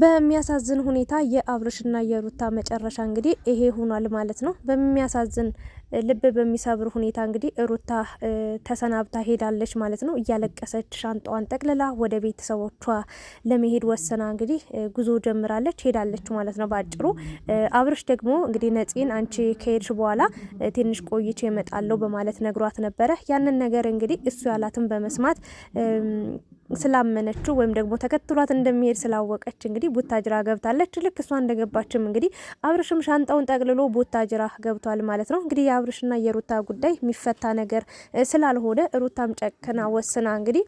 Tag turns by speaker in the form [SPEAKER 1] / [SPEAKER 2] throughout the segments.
[SPEAKER 1] በሚያሳዝን ሁኔታ የአብርሽና የሩታ መጨረሻ እንግዲህ ይሄ ሆኗል ማለት ነው። በሚያሳዝን ልብ በሚሰብር ሁኔታ እንግዲህ ሩታ ተሰናብታ ሄዳለች ማለት ነው። እያለቀሰች ሻንጣዋን ጠቅልላ ወደ ቤተሰቦቿ ለመሄድ ወሰና እንግዲህ ጉዞ ጀምራለች ሄዳለች ማለት ነው በአጭሩ። አብርሽ ደግሞ እንግዲህ ነፂን አንቺ ከሄድሽ በኋላ ትንሽ ቆይቼ እመጣለሁ በማለት ነግሯት ነበረ። ያንን ነገር እንግዲህ እሱ ያላትን በመስማት ስላመነችው ወይም ደግሞ ተከትሏት እንደሚሄድ ስላወቀች እንግዲህ ቡታጅራ ገብታለች። ልክ እሷ እንደገባችም እንግዲህ አብርሽም ሻንጣውን ጠቅልሎ ቡታጅራ ገብቷል ማለት ነው እንግዲህ የአብርሽና የሩታ ጉዳይ የሚፈታ ነገር ስላልሆነ ሩታም ጨክና ወስና እንግዲህ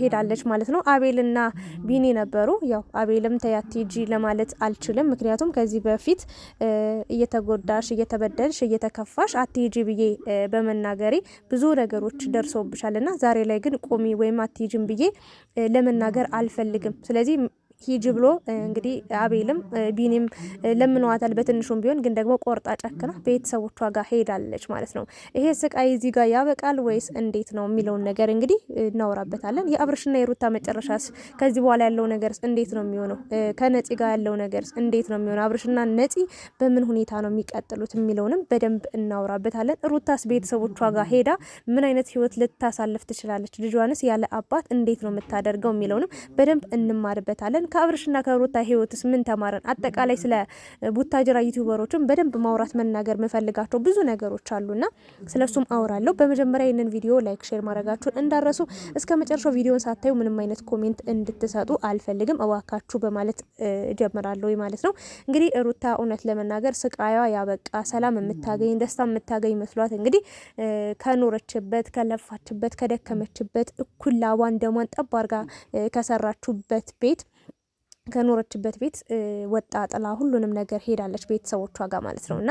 [SPEAKER 1] ሄዳለች ማለት ነው። አቤልና ቢኒ ነበሩ። ያው አቤልም ተያቲጂ ለማለት አልችልም፣ ምክንያቱም ከዚህ በፊት እየተጎዳሽ፣ እየተበደልሽ፣ እየተከፋሽ አቲጂ ብዬ በመናገሬ ብዙ ነገሮች ደርሶብሻልና ዛሬ ላይ ግን ቆሚ ወይም አትሂጂም ብዬ ለመናገር አልፈልግም። ስለዚህ ሂጅ ብሎ እንግዲህ አቤልም ቢኒም ለምነዋታል። በትንሹም ቢሆን ግን ደግሞ ቆርጣ ጨክና ቤተሰቦቿ ጋር ሄዳለች ማለት ነው። ይሄ ስቃይ እዚህ ጋር ያበቃል ወይስ እንዴት ነው የሚለውን ነገር እንግዲህ እናወራበታለን። የአብርሽና የሩታ መጨረሻስ ከዚህ በኋላ ያለው ነገርስ እንዴት ነው የሚሆነው? ከነፂ ጋር ያለው ነገርስ እንዴት ነው የሚሆነው? አብርሽና ነፂ በምን ሁኔታ ነው የሚቀጥሉት የሚለውንም በደንብ እናወራበታለን። ሩታስ ቤተሰቦቿ ጋር ሄዳ ምን አይነት ህይወት ልታሳልፍ ትችላለች? ልጇንስ ያለ አባት እንዴት ነው የምታደርገው የሚለውንም በደንብ እንማርበታለን። ተማርን? ከአብርሽና ከሩታ ህይወትስ ምን ተማረን አጠቃላይ ስለ ቡታጅራ ዩቲዩበሮችን በደንብ ማውራት መናገር የምፈልጋቸው ብዙ ነገሮች አሉና ስለሱም አውራለሁ። በመጀመሪያ ይህንን ቪዲዮ ላይክ፣ ሼር ማድረጋችሁን እንዳረሱ እስከ መጨረሻው ቪዲዮን ሳታዩ ምንም አይነት ኮሜንት እንድትሰጡ አልፈልግም እባካችሁ በማለት ጀምራለሁ ማለት ነው። እንግዲህ ሩታ እውነት ለመናገር ስቃያ ያበቃ ሰላም የምታገኝ ደስታ የምታገኝ መስሏት እንግዲህ ከኖረችበት ከለፋችበት ከደከመችበት እኩል ላቧን ደሟን ጠብ አድርጋ ከሰራችሁበት ቤት ከኖረችበት ቤት ወጣ ጥላ ሁሉንም ነገር ሄዳለች፣ ቤተሰቦቿ ጋር ማለት ነው። እና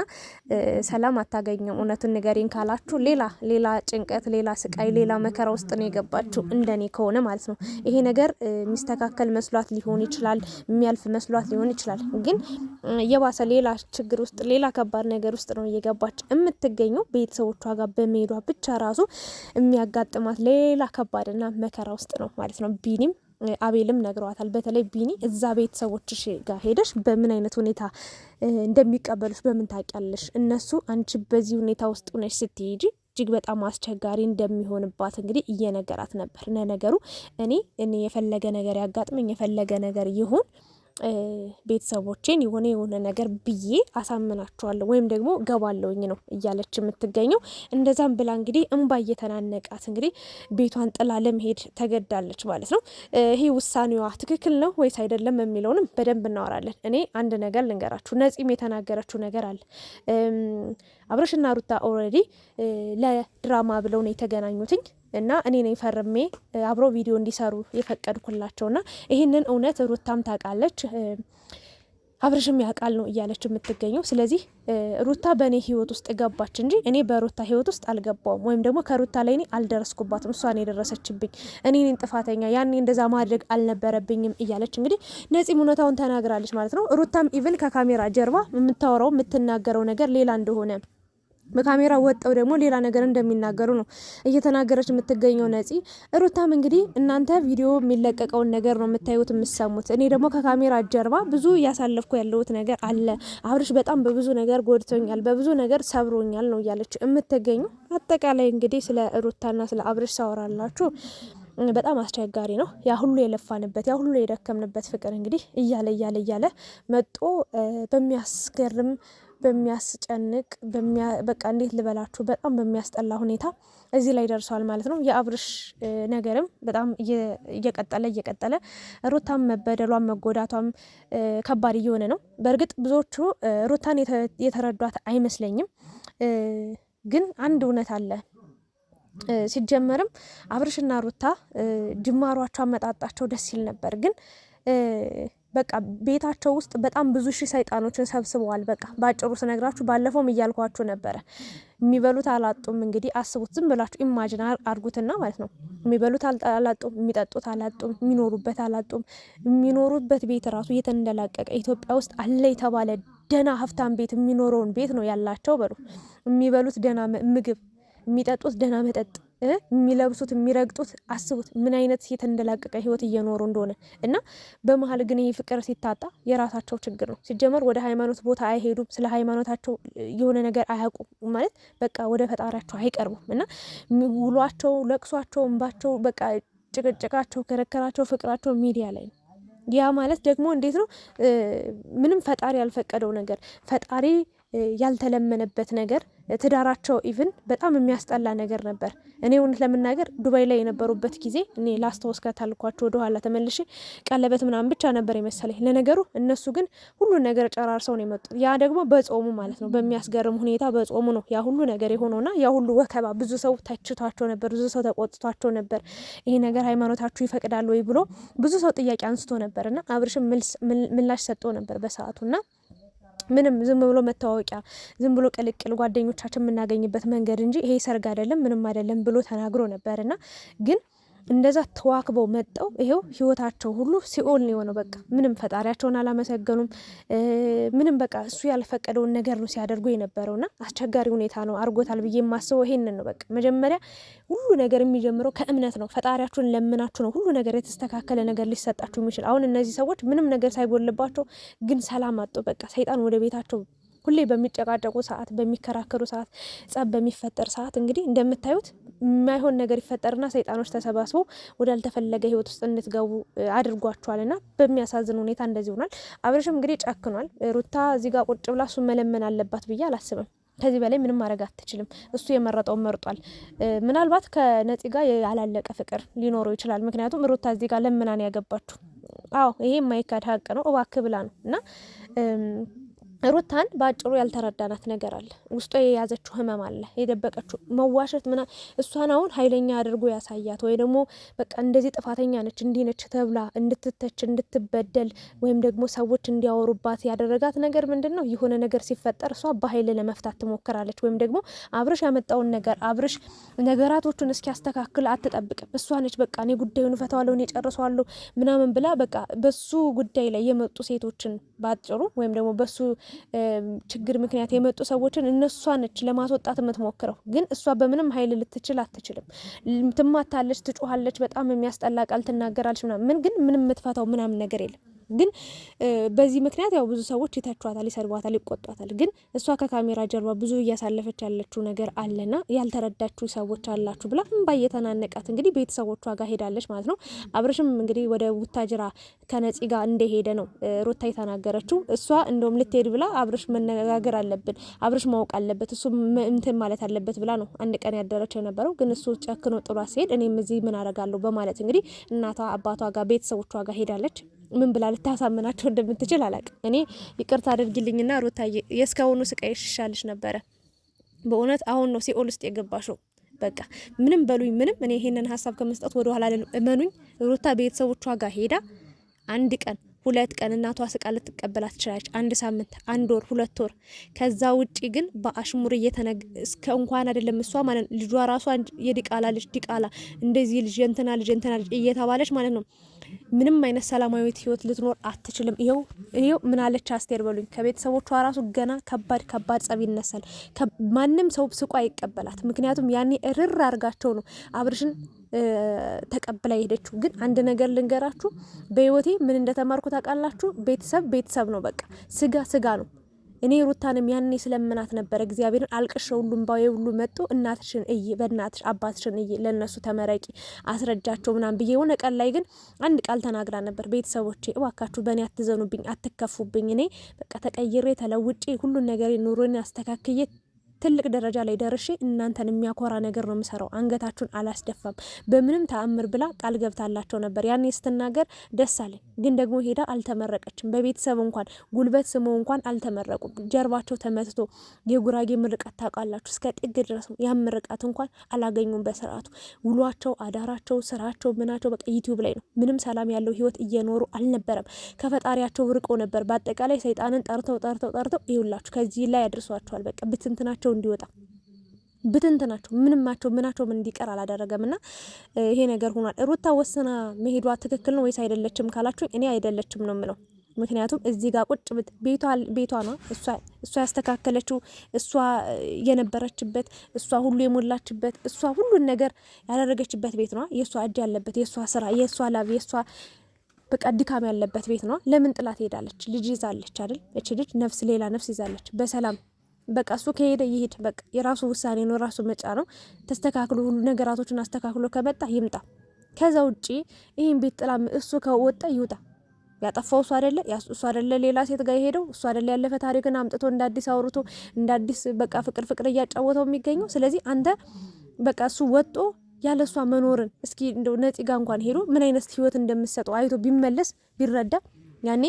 [SPEAKER 1] ሰላም አታገኘም። እውነቱን ንገሪን ካላችሁ ሌላ ሌላ ጭንቀት፣ ሌላ ስቃይ፣ ሌላ መከራ ውስጥ ነው የገባችሁ እንደኔ ከሆነ ማለት ነው። ይሄ ነገር የሚስተካከል መስሏት ሊሆን ይችላል፣ የሚያልፍ መስሏት ሊሆን ይችላል። ግን የባሰ ሌላ ችግር ውስጥ፣ ሌላ ከባድ ነገር ውስጥ ነው እየገባች የምትገኘው። ቤተሰቦቿ ጋር በመሄዷ ብቻ ራሱ የሚያጋጥማት ሌላ ከባድና መከራ ውስጥ ነው ማለት ነው ቢኒም አቤልም ነግረዋታል። በተለይ ቢኒ እዛ ቤተሰቦችሽ ጋር ሄደሽ በምን አይነት ሁኔታ እንደሚቀበሉሽ በምን ታውቂያለሽ? እነሱ አንቺ በዚህ ሁኔታ ውስጥ ሆነሽ ስትሄጂ እጅግ በጣም አስቸጋሪ እንደሚሆንባት እንግዲህ እየነገራት ነበር። ነነገሩ እኔ እኔ የፈለገ ነገር ያጋጥመኝ የፈለገ ነገር ይሁን ቤተሰቦቼን የሆነ የሆነ ነገር ብዬ አሳምናቸዋለሁ ወይም ደግሞ ገባለውኝ ነው እያለች የምትገኘው። እንደዛም ብላ እንግዲህ እንባ እየተናነቃት እንግዲህ ቤቷን ጥላ ለመሄድ ተገዳለች ማለት ነው። ይሄ ውሳኔዋ ትክክል ነው ወይስ አይደለም የሚለውንም በደንብ እናወራለን። እኔ አንድ ነገር ልንገራችሁ፣ ነፂም የተናገረችው ነገር አለ። አብረሽና ሩታ ኦልሬዲ ለድራማ ብለው ነው የተገናኙትኝ እና እኔ ነኝ ፈርሜ አብሮ ቪዲዮ እንዲሰሩ የፈቀድኩላቸው ና ይህንን እውነት ሩታም ታውቃለች አብርሽም ያውቃል ነው እያለች የምትገኘው። ስለዚህ ሩታ በእኔ ህይወት ውስጥ ገባች እንጂ እኔ በሩታ ህይወት ውስጥ አልገባውም፣ ወይም ደግሞ ከሩታ ላይ እኔ አልደረስኩባትም። እሷን የደረሰችብኝ እኔ ጥፋተኛ፣ ያኔ እንደዛ ማድረግ አልነበረብኝም እያለች እንግዲህ ነፂም እውነታውን ተናግራለች ማለት ነው። ሩታም ኢቭን ከካሜራ ጀርባ የምታወራው የምትናገረው ነገር ሌላ እንደሆነ በካሜራ ወጠው ደግሞ ሌላ ነገር እንደሚናገሩ ነው እየተናገረች የምትገኘው ነፂ። ሩታም እንግዲህ እናንተ ቪዲዮ የሚለቀቀውን ነገር ነው የምታዩት የምሰሙት። እኔ ደግሞ ከካሜራ ጀርባ ብዙ እያሳለፍኩ ያለሁት ነገር አለ። አብርሽ በጣም በብዙ ነገር ጎድቶኛል፣ በብዙ ነገር ሰብሮኛል ነው እያለች የምትገኙ። አጠቃላይ እንግዲህ ስለ ሩታና ስለ አብርሽ ሳወራላችሁ በጣም አስቸጋሪ ነው። ያ ሁሉ የለፋንበት ያ ሁሉ የደከምንበት ፍቅር እንግዲህ እያለ እያለ እያለ መጦ በሚያስገርም በሚያስጨንቅ በቃ እንዴት ልበላችሁ በጣም በሚያስጠላ ሁኔታ እዚህ ላይ ደርሰዋል ማለት ነው። የአብርሽ ነገርም በጣም እየቀጠለ እየቀጠለ ሩታም መበደሏም መጎዳቷም ከባድ እየሆነ ነው። በእርግጥ ብዙዎቹ ሩታን የተረዷት አይመስለኝም፣ ግን አንድ እውነት አለ። ሲጀመርም አብርሽና ሩታ ጅማሯቸው አመጣጣቸው ደስ ይል ነበር ግን በቃ ቤታቸው ውስጥ በጣም ብዙ ሺህ ሰይጣኖችን ሰብስበዋል። በቃ በአጭሩ ስነግራችሁ ባለፈውም እያልኳችሁ ነበረ። የሚበሉት አላጡም። እንግዲህ አስቡት፣ ዝም ብላችሁ ኢማጅን አርጉትና ማለት ነው። የሚበሉት አላጡም፣ የሚጠጡት አላጡም፣ የሚኖሩበት አላጡም። የሚኖሩበት ቤት ራሱ እየተንደላቀቀ ኢትዮጵያ ውስጥ አለ የተባለ ደና ሀብታም ቤት የሚኖረውን ቤት ነው ያላቸው። በሉ የሚበሉት ደና ምግብ፣ የሚጠጡት ደና መጠጥ የሚለብሱት የሚረግጡት፣ አስቡት ምን አይነት የተንደላቀቀ ህይወት እየኖሩ እንደሆነ እና በመሀል ግን ይህ ፍቅር ሲታጣ የራሳቸው ችግር ነው። ሲጀመር ወደ ሃይማኖት ቦታ አይሄዱም። ስለ ሃይማኖታቸው የሆነ ነገር አያውቁም ማለት በቃ ወደ ፈጣሪያቸው አይቀርቡም እና ውሏቸው፣ ለቅሷቸው፣ እንባቸው፣ በቃ ጭቅጭቃቸው፣ ክርክራቸው፣ ፍቅራቸው ሚዲያ ላይ ነው። ያ ማለት ደግሞ እንዴት ነው? ምንም ፈጣሪ ያልፈቀደው ነገር ፈጣሪ ያልተለመነበት ነገር ትዳራቸው ኢቭን በጣም የሚያስጠላ ነገር ነበር። እኔ እውነት ለመናገር ዱባይ ላይ የነበሩበት ጊዜ እኔ ላስታውስ ካታልኳቸው ወደኋላ ተመልሼ ቀለበት ምናምን ብቻ ነበር የመሰለኝ። ለነገሩ እነሱ ግን ሁሉ ነገር ጨራርሰው ነው የመጡት። ያ ደግሞ በጾሙ ማለት ነው። በሚያስገርም ሁኔታ በጾሙ ነው ያ ሁሉ ነገር የሆነውና ያ ሁሉ ወከባ፣ ብዙ ሰው ተችቷቸው ነበር፣ ብዙ ሰው ተቆጥቷቸው ነበር። ይሄ ነገር ሃይማኖታችሁ ይፈቅዳል ወይ ብሎ ብዙ ሰው ጥያቄ አንስቶ ነበርና አብርሽም ምላሽ ሰጥቶ ነበር በሰዓቱና ምንም ዝም ብሎ መታወቂያ ዝም ብሎ ቅልቅል ጓደኞቻችን የምናገኝበት መንገድ እንጂ ይሄ ሰርግ አይደለም ምንም አይደለም ብሎ ተናግሮ ነበር እና ግን እንደዛ ተዋክበው መጠው ይሄው ህይወታቸው ሁሉ ሲኦል ነው የሆነው። በቃ ምንም ፈጣሪያቸውን አላመሰገኑም። ምንም በቃ እሱ ያልፈቀደውን ነገር ነው ሲያደርጉ የነበረውና አስቸጋሪ ሁኔታ ነው አድርጎታል ብዬ የማስበው ይሄንን ነው። በቃ መጀመሪያ ሁሉ ነገር የሚጀምረው ከእምነት ነው። ፈጣሪያችሁን ለምናችሁ ነው ሁሉ ነገር የተስተካከለ ነገር ሊሰጣችሁ የሚችል። አሁን እነዚህ ሰዎች ምንም ነገር ሳይጎልባቸው ግን ሰላም አጡ። በቃ ሰይጣን ወደ ቤታቸው ሁሌ በሚጨቃጨቁ ሰዓት፣ በሚከራከሩ ሰዓት፣ ጸብ በሚፈጠር ሰዓት እንግዲህ እንደምታዩት የማይሆን ነገር ይፈጠርና ሰይጣኖች ተሰባስበው ወዳልተፈለገ ህይወት ውስጥ እንድትገቡ አድርጓቸዋልና በሚያሳዝን ሁኔታ እንደዚህ ሆኗል። አብረሽም እንግዲህ ጨክኗል። ሩታ እዚህ ጋር ቁጭ ብላ እሱ መለመን አለባት ብዬ አላስብም። ከዚህ በላይ ምንም ማድረግ አትችልም። እሱ የመረጠውን መርጧል። ምናልባት ከነፂ ጋር ያላለቀ ፍቅር ሊኖረው ይችላል። ምክንያቱም ሩታ እዚህ ጋር ለምናን ያገባችሁ። አዎ ይሄ የማይካድ ሀቅ ነው። እባክ ብላ ነው እና ሩታን በአጭሩ ያልተረዳናት ነገር አለ። ውስጧ የያዘችው ህመም አለ፣ የደበቀችው መዋሸት ምና እሷን አሁን ኃይለኛ አድርጎ ያሳያት ወይ ደግሞ በቃ እንደዚህ ጥፋተኛ ነች እንዲህ ነች ተብላ እንድትተች እንድትበደል ወይም ደግሞ ሰዎች እንዲያወሩባት ያደረጋት ነገር ምንድን ነው? የሆነ ነገር ሲፈጠር እሷ በኃይል ለመፍታት ትሞክራለች። ወይም ደግሞ አብርሽ ያመጣውን ነገር አብርሽ ነገራቶቹን እስኪያስተካክል አትጠብቅም። እሷ ነች በቃ እኔ ጉዳዩን እፈታዋለሁ እኔ ጨርሰዋለሁ ምናምን ብላ በቃ በሱ ጉዳይ ላይ የመጡ ሴቶችን በአጭሩ ወይም ደግሞ በሱ ችግር ምክንያት የመጡ ሰዎችን እነሷ ነች ለማስወጣት የምትሞክረው። ግን እሷ በምንም ኃይል ልትችል አትችልም። ትማታለች፣ ትጮሃለች፣ በጣም የሚያስጠላ ቃል ትናገራለች ምናምን። ግን ምንም የምትፈታው ምናምን ነገር የለም። ግን በዚህ ምክንያት ያው ብዙ ሰዎች ይተቿታል፣ ይሰድቧታል፣ ይቆጧታል። ግን እሷ ከካሜራ ጀርባ ብዙ እያሳለፈች ያለችው ነገር አለና ያልተረዳችሁ ሰዎች አላችሁ ብላ እምባ እየተናነቃት እንግዲህ ቤተሰቦቿ ጋር ሄዳለች ማለት ነው። አብርሽም እንግዲህ ወደ ቡታጅራ ከነፂ ጋር እንደሄደ ነው ሩታ የተናገረችው። እሷ እንደውም ልትሄድ ብላ አብርሽ መነጋገር አለብን፣ አብርሽ ማወቅ አለበት፣ እሱ እንትን ማለት አለበት ብላ ነው አንድ ቀን ያደረችው የነበረው። ግን እሱ ጨክኖ ጥሏ ሲሄድ እኔም እዚህ ምን አረጋለሁ በማለት እንግዲህ እናቷ አባቷ ጋር ቤተሰቦቿ ጋር ሄዳለች። ምን ብላ ልታሳምናቸው እንደምትችል አላቅም። እኔ ይቅርታ አድርጊልኝና ሩታ የእስካሁኑ ስቃይሽ ይሻልሽ ነበረ። በእውነት አሁን ነው ሲኦል ውስጥ የገባሽው። በቃ ምንም በሉኝ ምንም፣ እኔ ይሄንን ሀሳብ ከመስጠት ወደ ኋላ እመኑኝ፣ ሩታ ቤተሰቦቿ ጋር ሄዳ አንድ ቀን ሁለት ቀን እናቷ ስቃ ልትቀበላ ትችላለች። አንድ ሳምንት፣ አንድ ወር፣ ሁለት ወር። ከዛ ውጪ ግን በአሽሙር እየተነግ እስከ እንኳን አይደለም እሷ ማለት ልጇ ራሷ የዲቃላ ልጅ ዲቃላ እንደዚህ ልጅ የንትና ልጅ የንትና ልጅ እየተባለች ማለት ነው ምንም አይነት ሰላማዊት ህይወት ልትኖር አትችልም። ይኸው ይኸው ምን አለች አስቴር በሉኝ። ከቤተሰቦቿ ራሱ ገና ከባድ ከባድ ጸብ ይነሳል። ማንም ሰው ስቆ አይቀበላት። ምክንያቱም ያኔ እርር አድርጋቸው ነው አብርሽን ተቀብላ ሄደችው። ግን አንድ ነገር ልንገራችሁ፣ በህይወቴ ምን እንደተማርኩ ታውቃላችሁ? ቤተሰብ ቤተሰብ ነው። በቃ ስጋ ስጋ ነው። እኔ ሩታንም ያኔ ስለምናት ነበር እግዚአብሔርን አልቅሸ ሁሉም ባዊ ሁሉ መጡ። እናትሽን እይ፣ በእናትሽ አባትሽን እይ፣ ለእነሱ ተመረቂ አስረጃቸው ምናም ብዬ የሆነ ቀን ላይ ግን አንድ ቃል ተናግራ ነበር። ቤተሰቦቼ እባካችሁ በእኔ አትዘኑብኝ፣ አትከፉብኝ። እኔ በቃ ተቀይሬ ተለውጬ ሁሉን ነገር ኑሮን አስተካክዬ ትልቅ ደረጃ ላይ ደርሼ እናንተን የሚያኮራ ነገር ነው የምሰራው፣ አንገታችሁን አላስደፋም በምንም ተአምር ብላ ቃል ገብታላቸው ነበር። ያኔ ስትናገር ደስ አለ። ግን ደግሞ ሄዳ አልተመረቀችም። በቤተሰብ እንኳን ጉልበት ስሞ እንኳን አልተመረቁም። ጀርባቸው ተመትቶ የጉራጌ ምርቃት ታውቃላችሁ፣ እስከ ጥግ ድረስ ነው። ያን ምርቃት እንኳን አላገኙም በስርዓቱ። ውሏቸው፣ አዳራቸው፣ ስራቸው፣ ምናቸው በቃ ዩቲዩብ ላይ ነው። ምንም ሰላም ያለው ህይወት እየኖሩ አልነበረም። ከፈጣሪያቸው ርቆ ነበር። በአጠቃላይ ሰይጣንን ጠርተው ጠርተው ጠርተው ይውላችሁ ከዚህ ላይ ያደርሷቸዋል። በቃ ብትንትናቸው ብትንትናቸው እንዲወጣ ብትንትናቸው ምንማቸው ምናቸው ምን እንዲቀር አላደረገም እና ይሄ ነገር ሆኗል። ሩታ ወስና መሄዷ ትክክል ነው ወይስ አይደለችም ካላችሁ እኔ አይደለችም ነው የምለው። ምክንያቱም እዚህ ጋር ቁጭ ብት ቤቷ ነው እሷ ያስተካከለችው እሷ የነበረችበት እሷ ሁሉ የሞላችበት እሷ ሁሉን ነገር ያደረገችበት ቤት ነው። የእሷ እጅ ያለበት የእሷ ስራ የእሷ ላብ የእሷ በቃ ድካም ያለበት ቤት ነው። ለምን ጥላት ሄዳለች? ልጅ ይዛለች አይደል? እች ልጅ ነፍስ ሌላ ነፍስ ይዛለች በሰላም በቃ እሱ ከሄደ ይሄድ። በቃ የራሱ ውሳኔ ነው፣ ራሱ መጫ ነው። ተስተካክሎ ሁሉ ነገራቶችን አስተካክሎ ከመጣ ይምጣ። ከዛ ውጪ ይህን ቤት ጥላም እሱ ከወጣ ይውጣ። ያጠፋው እሱ አይደለ፣ እሱ አደለ ሌላ ሴት ጋር የሄደው እሱ አደለ፣ ያለፈ ታሪክን አምጥቶ እንደ አዲስ አውርቶ እንደ አዲስ በቃ ፍቅር ፍቅር እያጫወተው የሚገኘው። ስለዚህ አንተ በቃ እሱ ወጦ ያለ እሷ መኖርን እስኪ እንደው ነፂ ጋ እንኳን ሄዶ ምን አይነት ህይወት እንደምሰጠው አይቶ ቢመለስ ቢረዳ ያኔ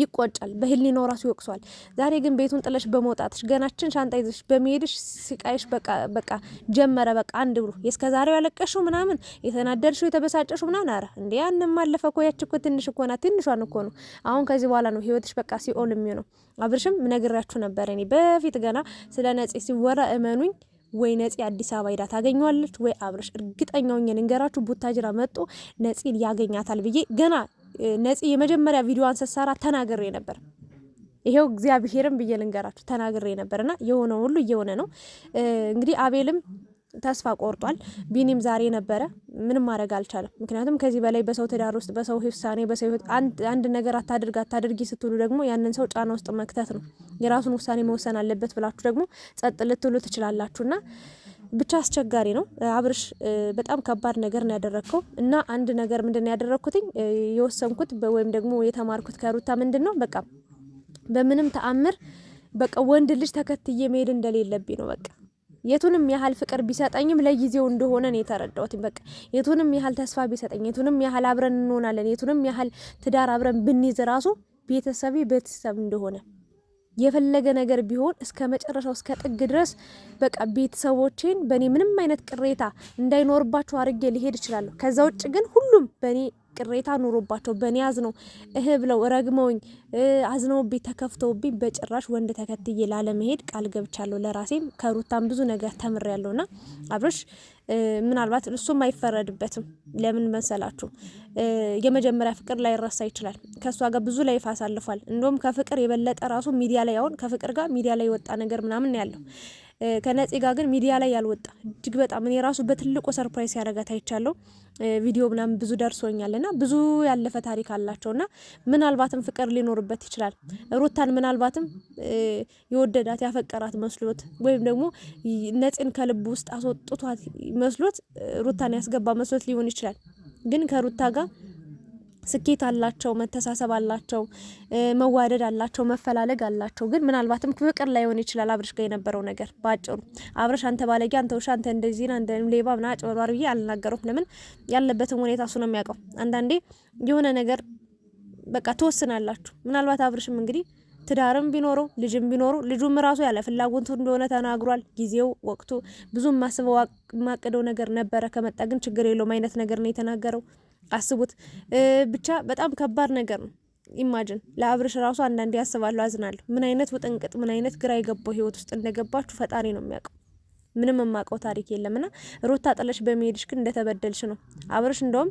[SPEAKER 1] ይቆጫል፣ በህሊናው ራሱ ይወቅሷል። ዛሬ ግን ቤቱን ጥለሽ በመውጣትሽ ገናችን ሻንጣ ይዘሽ በመሄድሽ ስቃይሽ በቃ በቃ ጀመረ። በቃ አንድ ብሎ የእስከ ዛሬው ያለቀሽው ምናምን የተናደድሽው የተበሳጨሽው ምናምን አረ እንዴ ያንም አለፈ እኮ ያች እኮ ትንሽ እኮ ናት። ትንሿን እኮ ነው። አሁን ከዚህ በኋላ ነው ህይወትሽ በቃ ሲኦል የሚሆነው። አብርሽም ነግራችሁ ነበር እኔ በፊት ገና ስለ ነጽ ሲወራ እመኑኝ ወይ ነጽ አዲስ አበባ ሄዳ ታገኘዋለች ወይ አብርሽ፣ እርግጠኛው ነኝ። ቡታጅራ መጥቶ ነጽን ያገኛታል ብዬ ገና ነፂ የመጀመሪያ ቪዲዮዋን ስትሰራ ተናግሬ ነበር። ይሄው እግዚአብሔርም ብዬ ልንገራችሁ ተናግሬ ነበርና የሆነ ሁሉ እየሆነ ነው። እንግዲህ አቤልም ተስፋ ቆርጧል። ቢኒም ዛሬ ነበረ ምንም ማድረግ አልቻለም። ምክንያቱም ከዚህ በላይ በሰው ትዳር ውስጥ በሰው ውሳኔ በሰው ህይወት አንድ ነገር አታድርግ አታድርጊ ስትሉ ደግሞ ያንን ሰው ጫና ውስጥ መክተት ነው። የራሱን ውሳኔ መወሰን አለበት ብላችሁ ደግሞ ጸጥ ልትሉ ትችላላችሁና ብቻ አስቸጋሪ ነው አብርሽ፣ በጣም ከባድ ነገር ነው ያደረግከው። እና አንድ ነገር ምንድን ነው ያደረግኩትኝ የወሰንኩት ወይም ደግሞ የተማርኩት ከሩታ ምንድን ነው በቃ በምንም ተአምር በቃ ወንድ ልጅ ተከትዬ መሄድ እንደሌለብኝ ነው። በቃ የቱንም ያህል ፍቅር ቢሰጠኝም ለጊዜው እንደሆነ ነው የተረዳሁት። በቃ የቱንም ያህል ተስፋ ቢሰጠኝ፣ የቱንም ያህል አብረን እንሆናለን፣ የቱንም ያህል ትዳር አብረን ብንይዝ ራሱ ቤተሰቤ ቤተሰብ እንደሆነ የፈለገ ነገር ቢሆን እስከ መጨረሻው እስከ ጥግ ድረስ በቃ ቤተሰቦቼን በእኔ ምንም አይነት ቅሬታ እንዳይኖርባቸው አድርጌ ሊሄድ እችላለሁ። ከዛ ውጭ ግን ሁሉም በእኔ ቅሬታ ኑሮባቸው በእኔ አዝነው እህ ብለው ረግመውኝ አዝነውብኝ ተከፍተውብኝ በጭራሽ ወንድ ተከትዬ ላለመሄድ ቃል ገብቻለሁ። ለራሴም ከሩታም ብዙ ነገር ተምሬያለሁና አብርሽ ምናልባት እሱም አይፈረድበትም። ለምን መሰላችሁ? የመጀመሪያ ፍቅር ላይረሳ ይችላል። ከእሷ ጋር ብዙ ላይፍ አሳልፏል። እንዲሁም ከፍቅር የበለጠ ራሱ ሚዲያ ላይ አሁን ከፍቅር ጋር ሚዲያ ላይ የወጣ ነገር ምናምን ያለው ከነፂ ጋር ግን ሚዲያ ላይ ያልወጣ እጅግ በጣም እኔ ራሱ በትልቁ ሰርፕራይዝ ያደረጋት አይቻለሁ። ቪዲዮ ምናምን ብዙ ደርሶኛል እና ብዙ ያለፈ ታሪክ አላቸው እና ምናልባትም ፍቅር ሊኖርበት ይችላል። ሩታን ምናልባትም የወደዳት ያፈቀራት መስሎት ወይም ደግሞ ነፂን ከልብ ውስጥ አስወጥቷት መስሎት ሩታን ያስገባ መስሎት ሊሆን ይችላል ግን ከሩታ ጋር ስኬት አላቸው፣ መተሳሰብ አላቸው፣ መዋደድ አላቸው፣ መፈላለግ አላቸው። ግን ምናልባትም ፍቅር ላይሆን ይችላል አብርሽ ጋር የነበረው ነገር ባጭሩ። አብርሽ አንተ ባለጌ፣ አንተ ውሻ፣ አንተ እንደዚህ ና ሌባ ምና ጭበርባሪ ብዬ አልናገረውም። ለምን ያለበትን ሁኔታ እሱ ነው የሚያውቀው። አንዳንዴ የሆነ ነገር በቃ ትወስናላችሁ። ምናልባት አብርሽም እንግዲህ ትዳርም ቢኖረው ልጅም ቢኖረው ልጁም ራሱ ያለ ፍላጎቱ እንደሆነ ተናግሯል። ጊዜው ወቅቱ ብዙ ማስበው ማቅደው ነገር ነበረ ከመጣ ግን ችግር የለውም አይነት ነገር ነው የተናገረው። አስቡት ብቻ በጣም ከባድ ነገር ነው። ኢማጅን ለአብርሽ ራሱ አንዳንዴ ያስባለሁ፣ አዝናለሁ። ምን አይነት ውጥንቅጥ፣ ምን አይነት ግራ የገባው ህይወት ውስጥ እንደገባችሁ ፈጣሪ ነው የሚያውቀው። ምንም የማውቀው ታሪክ ና ሩታ ጥለሽ በመሄድሽ ግን እንደተበደልሽ ነው። አብርሽ እንደውም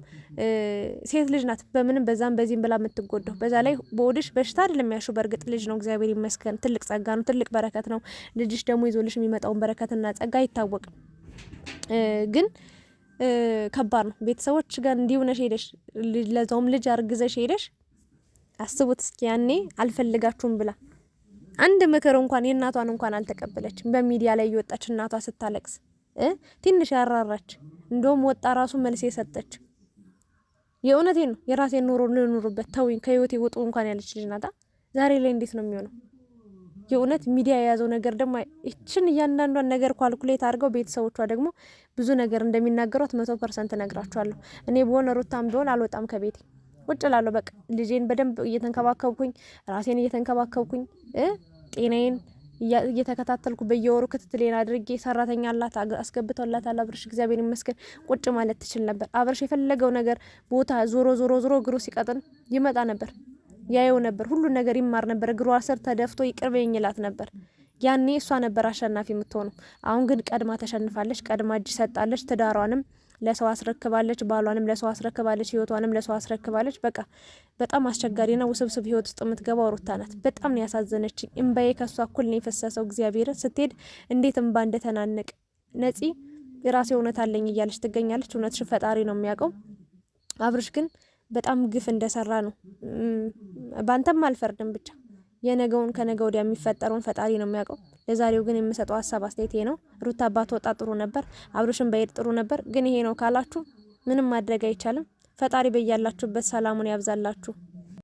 [SPEAKER 1] ሴት ልጅ ናት፣ በምንም በዛም በዚህም ብላ የምትጎዳው። በዛ ላይ በወድሽ በሽታ አይደለም ያሹ። በእርግጥ ልጅ ነው፣ እግዚአብሔር ይመስገን። ትልቅ ጸጋ ነው፣ ትልቅ በረከት ነው። ልጅሽ ደግሞ ይዞልሽ የሚመጣውን በረከትና ጸጋ አይታወቅም ግን ከባድ ነው። ቤተሰቦች ጋር እንዲሆነ ሄደሽ ለዛውም ልጅ አርግዘሽ ሄደሽ አስቡት እስኪ። ያኔ አልፈልጋችሁም ብላ አንድ ምክር እንኳን የእናቷን እንኳን አልተቀበለችም። በሚዲያ ላይ እየወጣች እናቷ ስታለቅስ ትንሽ ያራራች እንደውም ወጣ ራሱ መልስ የሰጠች የእውነቴ ነው። የራሴን ኑሮ ልኑሩበት ተውኝ፣ ከህይወቴ ውጡ እንኳን ያለች ልጅ ናታ። ዛሬ ላይ እንዴት ነው የሚሆነው? የእውነት ሚዲያ የያዘው ነገር ደግሞ ይችን እያንዳንዷን ነገር ኳልኩሌት አድርገው ቤተሰቦቿ ደግሞ ብዙ ነገር እንደሚናገሯት መቶ ፐርሰንት እነግራችኋለሁ። እኔ በሆነ ሩታም ቢሆን አልወጣም ከቤቴ ውጭ ላለሁ። በቃ ልጄን በደንብ እየተንከባከብኩኝ ራሴን እየተንከባከብኩኝ ጤናዬን እየተከታተልኩ በየወሩ ክትትሌን አድርጌ ሰራተኛ አላት አለ አብርሽ እግዚአብሔር ይመስገን ቁጭ ማለት ትችል ነበር። አብርሽ የፈለገው ነገር ቦታ ዞሮ ዞሮ ዞሮ እግሩ ሲቀጥን ይመጣ ነበር። ያየው ነበር፣ ሁሉን ነገር ይማር ነበር። እግሯ ስር ተደፍቶ ይቅር በይኝ ነበር። ያኔ እሷ ነበር አሸናፊ የምትሆነው። አሁን ግን ቀድማ ተሸንፋለች፣ ቀድማ እጅ ሰጣለች፣ ትዳሯንም ለሰው አስረክባለች፣ ባሏንም ለሰው አስረክባለች፣ ህይወቷንም ለሰው አስረክባለች። በቃ በጣም አስቸጋሪና ውስብስብ ህይወት ውስጥ የምትገባው ሩታ ናት። በጣም ነው ያሳዘነች። እምባዬ ከሷ እኩል ነው የፈሰሰው። እግዚአብሔር ስትሄድ እንዴት እምባ እንደተናነቅ ነጺ የራሴ እውነት አለኝ እያለች ትገኛለች። እውነትሽን ፈጣሪ ነው የሚያውቀው። አብርሽ ግን በጣም ግፍ እንደሰራ ነው ባንተም አልፈርድም። ብቻ የነገውን ከነገ ወዲያ የሚፈጠረውን ፈጣሪ ነው የሚያውቀው። ለዛሬው ግን የምሰጠው ሀሳብ አስተያየት ነው። ሩት አባት ወጣ ጥሩ ነበር፣ አብሮሽን በሄድ ጥሩ ነበር። ግን ይሄ ነው ካላችሁ ምንም ማድረግ አይቻልም። ፈጣሪ በያላችሁበት ሰላሙን ያብዛላችሁ።